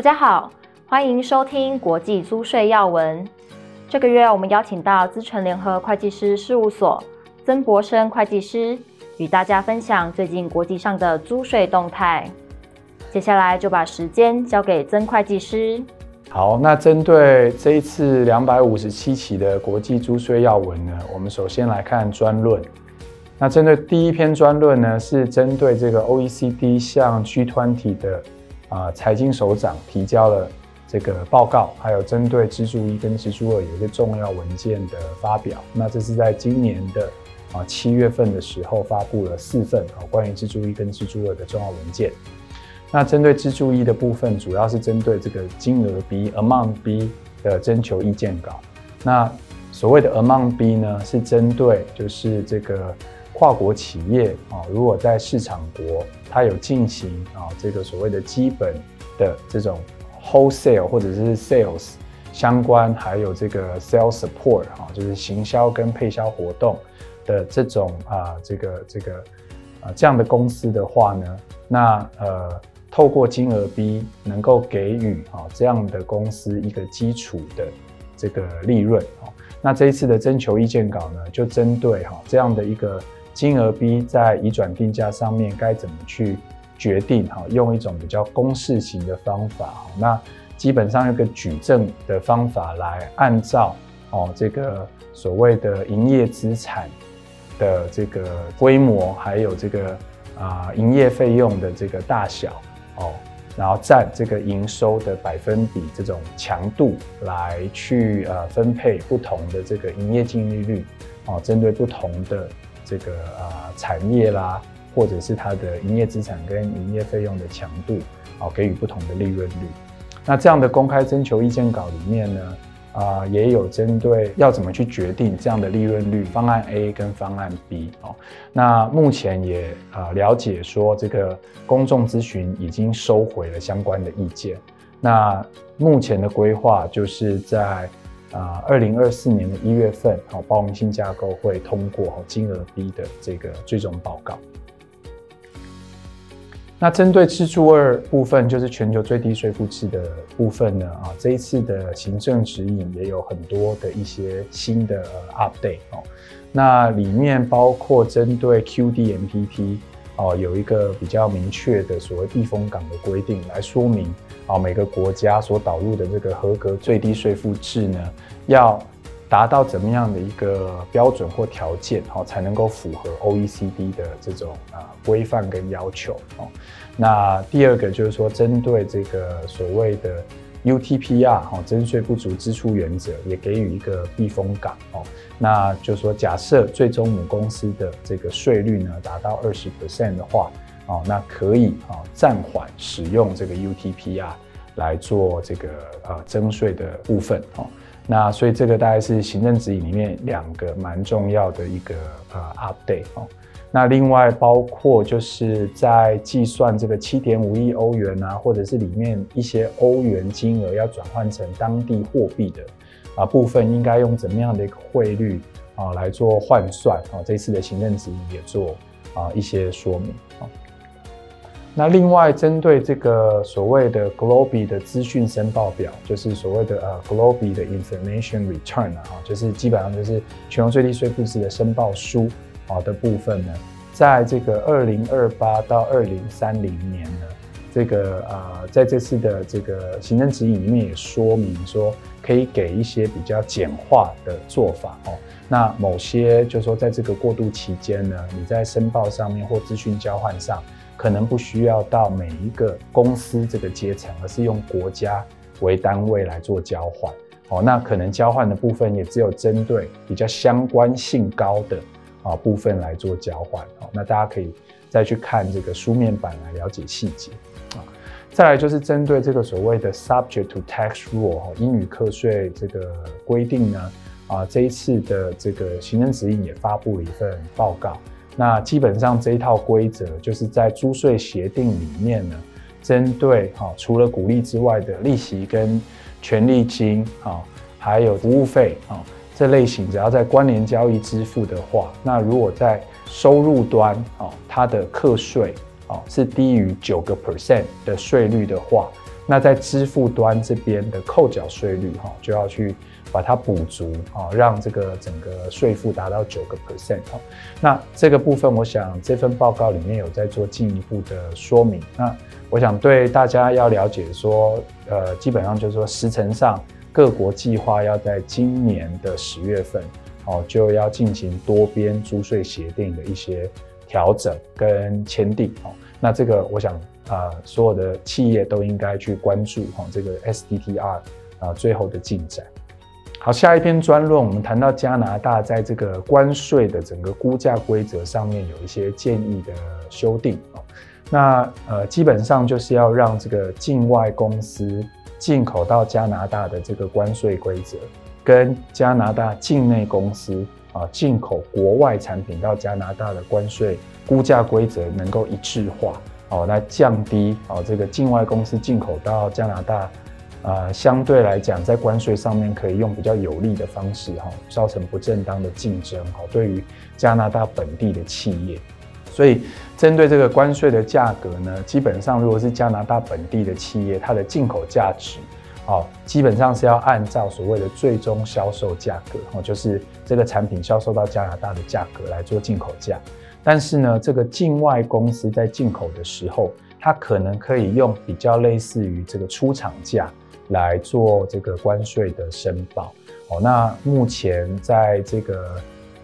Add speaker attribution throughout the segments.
Speaker 1: 大家好，歡迎收聽國際租稅要聞。這個月我們邀請到資誠聯合會計師事務所曾博生會計師，與大家分享最近國際上的租稅動態。接下來就把時間交給曾會計師。好，那針對這一次兩百五十七期的國際租稅要聞呢，我們首先來看專論。那針對第一篇專論呢，是針對這個 OECD 向 G20 的。啊，財經首長提交了這個報告，還有針對支柱一跟支柱二有一個重要文件的發表。那這是在今年的啊七月份的時候發布了四份啊關於支柱一跟支柱二的重要文件。那針對支柱一的部分，主要是針對這個金額 B Amount B 的徵求意見稿。那所謂的 Amount B 呢，是針對就是這個。跨國企業啊、哦，如果在市場國，它有進行啊、哦、這個所謂的基本的這種 wholesale 或者是 sales 相關，還有這個 sales support 啊、哦，就是行銷跟配銷活動的這種啊、呃、這個這個啊、呃、這樣的公司的話呢，那呃透過金額 B 能夠給予啊、哦、這樣的公司一個基礎的這個利潤啊、哦，那這一次的徵求意見稿呢，就針對哈、哦、這樣的一個。金額 B 在移轉定價上面該怎麼去決定？哈，用一種比較公式型的方法，哈，那基本上有個矩陣的方法來按照哦這個所謂的營業資產的這個規模，還有這個啊營業費用的這個大小哦，然後占這個營收的百分比這種強度來去呃分配不同的這個營業淨利率哦，針對不同的。這個啊、呃、產業啦，或者是它的營業資產跟營業費用的強度，啊、哦、給予不同的利潤率。那這樣的公開徵求意見稿裡面呢，啊、呃、也有針對要怎麼去決定這樣的利潤率方案 A 跟方案 B 哦。那目前也啊、呃、了解說這個公眾諮詢已經收回了相關的意見。那目前的規劃就是在。啊，二零二四年的一月份，好，哦，包容性架構會通過，哦，金額 B 的這個最終報告。那針對支柱二部分，就是全球最低稅負制的部分呢，啊，哦，這一次的行政指引也有很多的一些新的 update，哦，那裡面包括針對 QD MPT。哦，有一個比較明確的所謂避風港的規定來說明，啊、哦，每個國家所導入的這個合格最低稅負制呢，要達到怎麼樣的一個標準或條件，哦，才能夠符合 OECD 的這種啊規範跟要求。哦，那第二個就是說，針對這個所謂的。UTPR 哈、哦、徵稅不足支出原則也給予一個避風港哦，那就是說，假設最終母公司的這個稅率呢達到二十 percent 的話，哦，那可以啊暫緩使用這個 UTPR 來做這個呃徵稅的部分哦，那所以這個大概是行政指引裡面兩個蠻重要的一個呃 update 哦。那另外包括就是在計算這個七點五億歐元啊，或者是裡面一些歐元金額要轉換成當地貨幣的啊部分，應該用怎麼樣的一個匯率啊來做換算啊？這次的行政指引也做啊一些說明啊。那另外針對這個所謂的 GloBE 的資訊申報表，就是所謂的、啊、GloBE 的 Information Return 啊，啊，就是基本上就是全球最低稅負制的申報書。好的部分呢，在這個二零二八到二零三零年呢，這個啊、呃，在這次的這個行政指引裡面也說明說，可以給一些比較簡化的做法哦。那某些就是說，在這個過渡期間呢，你在申報上面或資訊交換上，可能不需要到每一個公司這個階層，而是用國家為單位來做交換哦。那可能交換的部分也只有針對比較相關性高的。啊、哦，部分來做交換哦，那大家可以再去看這個書面版來了解細節啊。再來就是針對這個所謂的 subject to tax rule、哦、應予課稅這個規定呢，啊，這一次的這個行政指引也發布了一份報告。那基本上這一套規則就是在租稅協定裡面呢，針對啊、哦、除了股利之外的利息跟權利金啊、哦，還有服務費啊。哦這類型只要在關聯交易支付的話，那如果在收入端啊，它的課稅啊是低於九個 percent 的稅率的話，那在支付端這邊的扣繳稅率哈，就要去把它補足啊，讓這個整個稅負達到九個 percent 啊。那這個部分，我想這份報告裡面有在做進一步的說明。那我想對大家要了解說，呃，基本上就是說時程上。各國計劃要在今年的十月份，哦，就要進行多邊租稅協定的一些調整跟簽訂哦。那這個，我想，呃，所有的企業都應該去關注哦這個 STTR 啊最後的進展。好，下一篇專論，我們談到加拿大在這個關稅的整個估價規則上面有一些建議的修訂哦。那呃，基本上就是要讓這個境外公司。進口到加拿大的這個關稅規則，跟加拿大境內公司啊進口國外產品到加拿大的關稅估價規則能夠一致化哦，來降低哦這個境外公司進口到加拿大，啊、呃、相對來講在關稅上面可以用比較有利的方式哈、哦，造成不正當的競爭哈、哦，對於加拿大本地的企業。所以，針對這個關稅的價格呢，基本上如果是加拿大本地的企業，它的進口價值，哦，基本上是要按照所謂的最終銷售價格，哦，就是這個產品銷售到加拿大的價格來做進口價。但是呢，這個境外公司在進口的時候，它可能可以用比較類似於這個出廠價來做這個關稅的申報。哦，那目前在這個。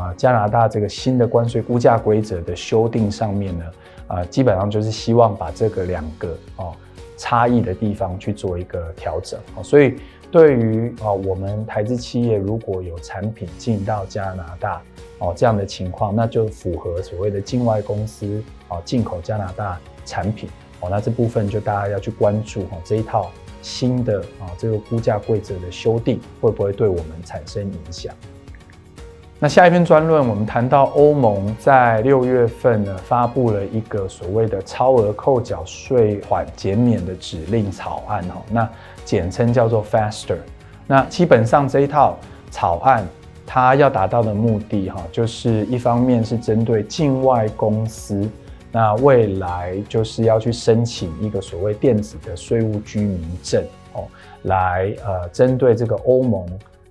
Speaker 1: 啊，加拿大這個新的關稅估價規則的修訂上面呢，啊，基本上就是希望把這個兩個哦差異的地方去做一個調整。所以對於啊我們台資企業如果有產品進到加拿大哦，這樣的情況，那就符合所謂的境外公司啊進口加拿大產品哦，那這部分就大家要去關注哦，這一套新的啊這個估價規則的修訂會不會對我們產生影響。那下一篇專論，我們談到歐盟在六月份呢發布了一個所謂的超額扣繳稅款減免的指令草案，哦，那簡稱叫做 Faster。那基本上這一套草案，它要達到的目的，哈，就是一方面是針對境外公司，那未來就是要去申請一個所謂電子的稅務居民證，哦，來呃，針對這個歐盟。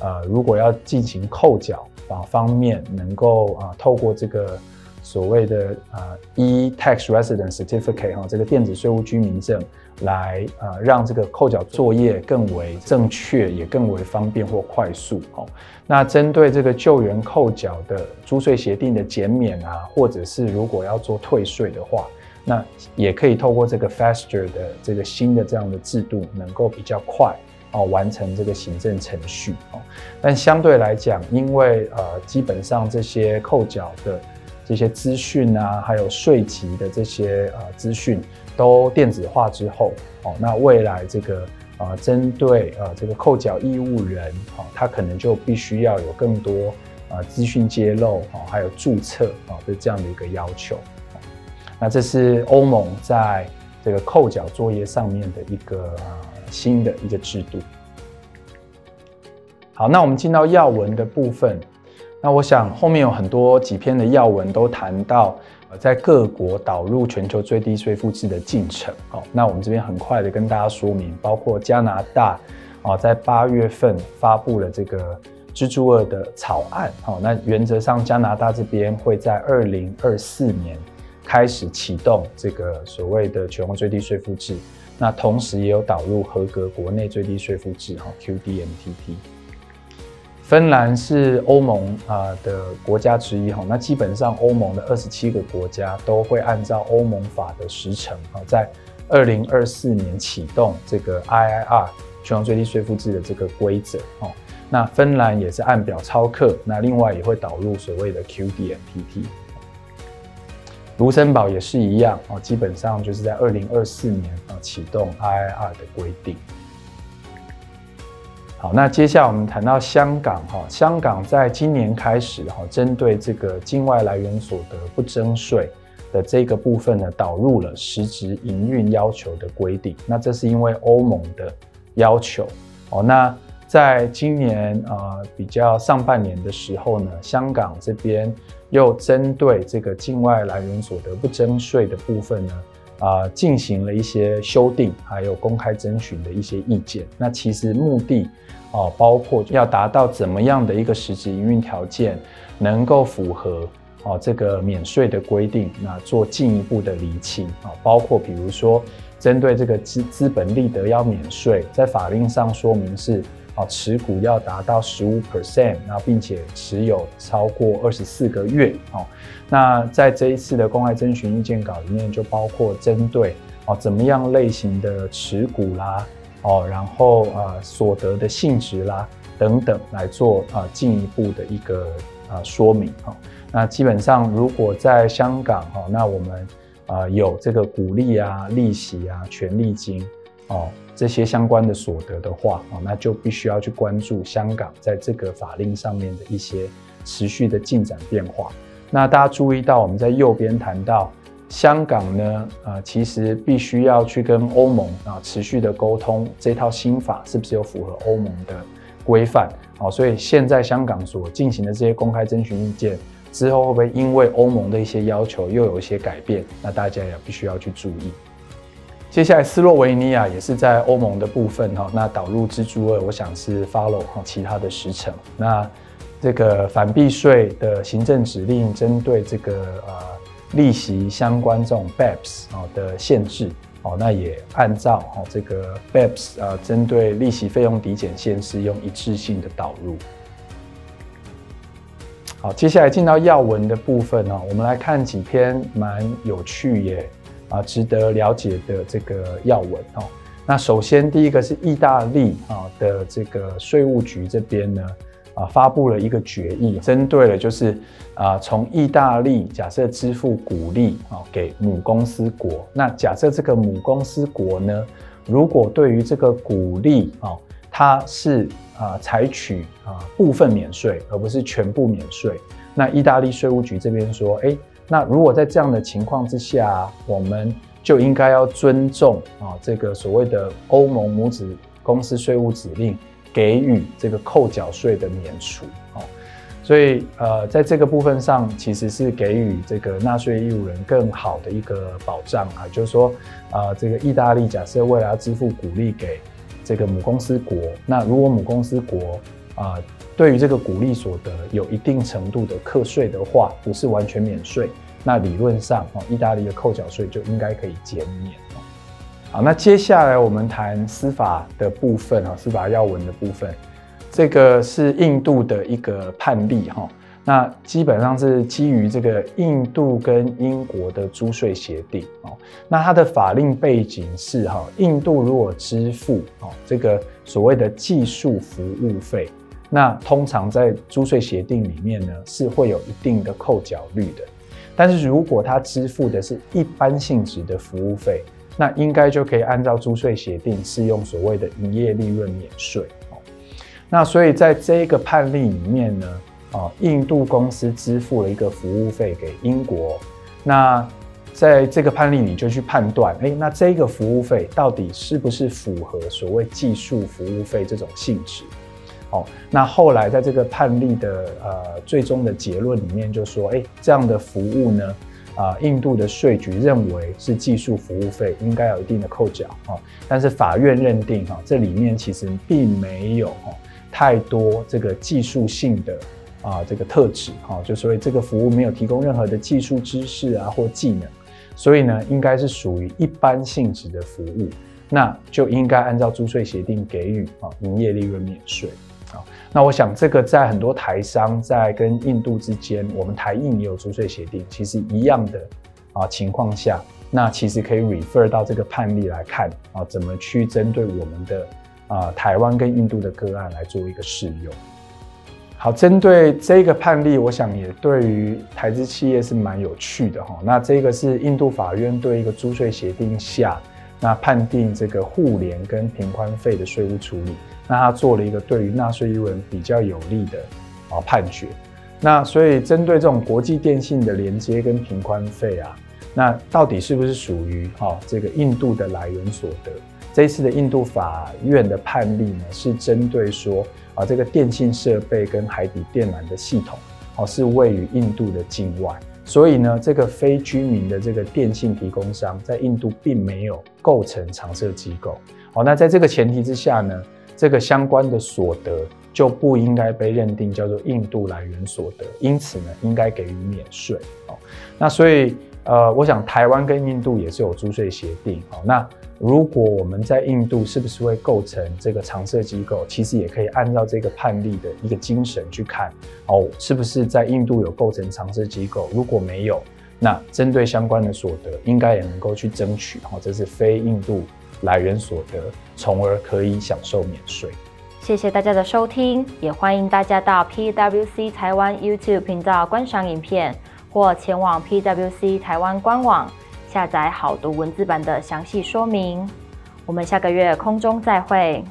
Speaker 1: 呃，如果要進行扣繳啊方面能，能夠啊透過這個所謂的啊 e tax resident certificate 哈、啊，這個電子稅務居民證來啊，讓這個扣繳作業更為正確，也更為方便或快速哦、啊。那針對這個就源扣繳的租稅協定的減免啊，或者是如果要做退稅的話，那也可以透過這個 faster 的這個新的這樣的制度，能夠比較快。哦，完成這個行政程序哦，但相對來講，因為呃，基本上這些扣繳的這些資訊啊，還有稅籍的這些呃資訊都電子化之後哦，那未來這個啊、呃，針對啊、呃、這個扣繳義務人哦，他可能就必須要有更多啊、呃、資訊揭露哦，還有注冊哦的、就是、這樣的一個要求、哦。那這是歐盟在這個扣繳作業上面的一個。呃新的一個制度。好，那我們進到要聞的部分。那我想後面有很多幾篇的要聞都談到、呃，在各國導入全球最低稅負制的進程。哦，那我們這邊很快地跟大家說明，包括加拿大，哦，在八月份發佈了這個支柱二的草案。哦，那原則上加拿大這邊會在二零二四年開始啟動這個所謂的全球最低稅負制。那同時也有導入合格國內最低稅負制哈，QDMTT，芬蘭是歐盟啊的國家之一哈，那基本上歐盟的二十七個國家都會按照歐盟法的時程啊，在二零二四年啟動這個 IIR 全國最低稅負制的這個規則哦。那芬蘭也是按表操課，那另外也會導入所謂的 QDMTT。盧森堡也是一樣哦，基本上就是在二零二四年，啟動 IIR 的規定。好，那接下來我們談到香港哈，香港在今年開始哈，針對這個境外來源所得不徵稅的這個部分呢，導入了實質營運要求的規定。那這是因為歐盟的要求哦。好，那在今年，呃，比較上半年的時候呢，香港這邊又針對這個境外來源所得不徵稅的部分呢。啊，進行了一些修訂，還有公開徵詢的一些意見。那其實目的，哦、啊，包括要達到怎麼樣的一個實質營運條件，能夠符合哦、啊、這個免稅的規定，那、啊、做進一步的釐清啊，包括比如說針對這個資資本利得要免稅，在法令上說明是。持股要達到十五 percent，那並且持有超過二十四個月。哦，那在這一次的公開徵詢意見稿裡面，就包括針對哦怎麼樣類型的持股啦，哦，然後啊所得的性質啦等等來做啊進一步的一個啊說明。那基本上如果在香港，哈，那我們啊有這個股利啊、利息啊、權利金，哦。這些相關的所得的話，啊，那就必須要去關注香港在這個法令上面的一些持續的進展變化。那大家注意到，我們在右邊談到香港呢，啊、呃，其實必須要去跟歐盟啊、呃、持續的溝通，這套新法是不是有符合歐盟的規範？啊、哦，所以現在香港所進行的這些公開徵詢意見之後，會不會因為歐盟的一些要求又有一些改變？那大家也必須要去注意。接下來，斯洛維尼亞也是在歐盟的部分哈，那導入支柱二，我想是 follow 哈其他的時程。那這個反避稅的行政指令針對這個利息相關這種 BEPS 的限制哦，那也按照哦這個 BEPS 啊，針對利息費用抵減限制，用一致性的導入。好，接下來進到要聞的部分，我們來看幾篇蠻有趣耶。啊，值得了解的這個要聞哦。那首先第一個是意大利啊的這個稅務局這邊呢，啊、呃、發布了一個決議，針對了就是啊、呃、從意大利假設支付股利啊給母公司國，那假設這個母公司國呢，如果對於這個股利啊，它是啊、呃、採取啊、呃、部分免稅，而不是全部免稅，那意大利稅務局這邊說，哎。那如果在這樣的情況之下，啊，我們就應該要尊重啊這個所謂的歐盟母子公司稅務指令，給予這個扣繳稅的免除哦，啊。所以呃，在這個部分上，其實是給予這個納稅義務人更好的一個保障啊，就是說啊，這個意大利假設未來要支付股利給這個母公司國，那如果母公司國啊。對於這個股利所得有一定程度的課稅的話，不是完全免稅。那理論上，哦，意大利的扣繳稅就應該可以減免。好，那接下來我們談司法的部分啊，司法要聞的部分。這個是印度的一個判例哈。那基本上是基於這個印度跟英國的租稅協定哦。那它的法令背景是哈，印度如果支付哦這個所謂的技術服務費。那通常在租稅協定裡面呢，是會有一定的扣繳率的。但是如果他支付的是一般性質的服務費，那應該就可以按照租稅協定適用所謂的營業利潤免稅。那所以在這個判例裡面呢，啊，印度公司支付了一個服務費給英國，那在這個判例裡就去判斷，哎、欸，那這個服務費到底是不是符合所謂技術服務費這種性質？好、哦，那後來在這個判例的呃最終的結論裡面就說，哎，這樣的服務呢，啊、呃，印度的稅局認為是技術服務費，應該有一定的扣繳啊、哦，但是法院認定哈、哦，這裡面其實並沒有、哦、太多這個技術性的啊這個特質哈、哦，就所以這個服務沒有提供任何的技術知識啊或技能，所以呢，應該是屬於一般性質的服務，那就應該按照租稅協定給予啊、哦、營業利潤免稅。那我想，這個在很多台商在跟印度之間，我們台印也有租稅協定，其實一樣的啊情況下，那其實可以 refer 到這個判例來看啊，怎麼去針對我們的啊台灣跟印度的個案來做一個適用。好，針對這個判例，我想也對於台資企業是蠻有趣的哈。那這個是印度法院對一個租稅協定下。那判定這個互聯跟頻寬費的稅務處理，那他做了一個對於納稅義務人比較有利的啊判決。那所以針對這種國際電信的連接跟頻寬費啊,那到底是不是屬於啊這個印度的來源所得？這一次的印度法院的判例呢，是針對說啊這個電信設備跟海底電纜的系統，哦是位於印度的境外。所以呢，這個非居民的這個電信提供商在印度並沒有構成常設機構哦。那在這個前提之下呢，這個相關的所得就不應該被認定叫做印度來源所得，因此呢，應該給予免稅哦。那所以。呃，我想台灣跟印度也是有租稅協定哦。那如果我們在印度是不是會構成這個常設機構？其實也可以按照這個判例的一個精神去看哦，是不是在印度有構成常設機構？如果沒有，那針對相關的所得，應該也能夠去爭取哦，這是非印度來源所得，從而可以享受免稅。謝謝大家的收聽，也歡迎大家到 PWC 台灣 YouTube 頻道觀賞影片。或前往 PwC 台灣官網下載好讀文字版的詳細說明。我們下個月空中再會。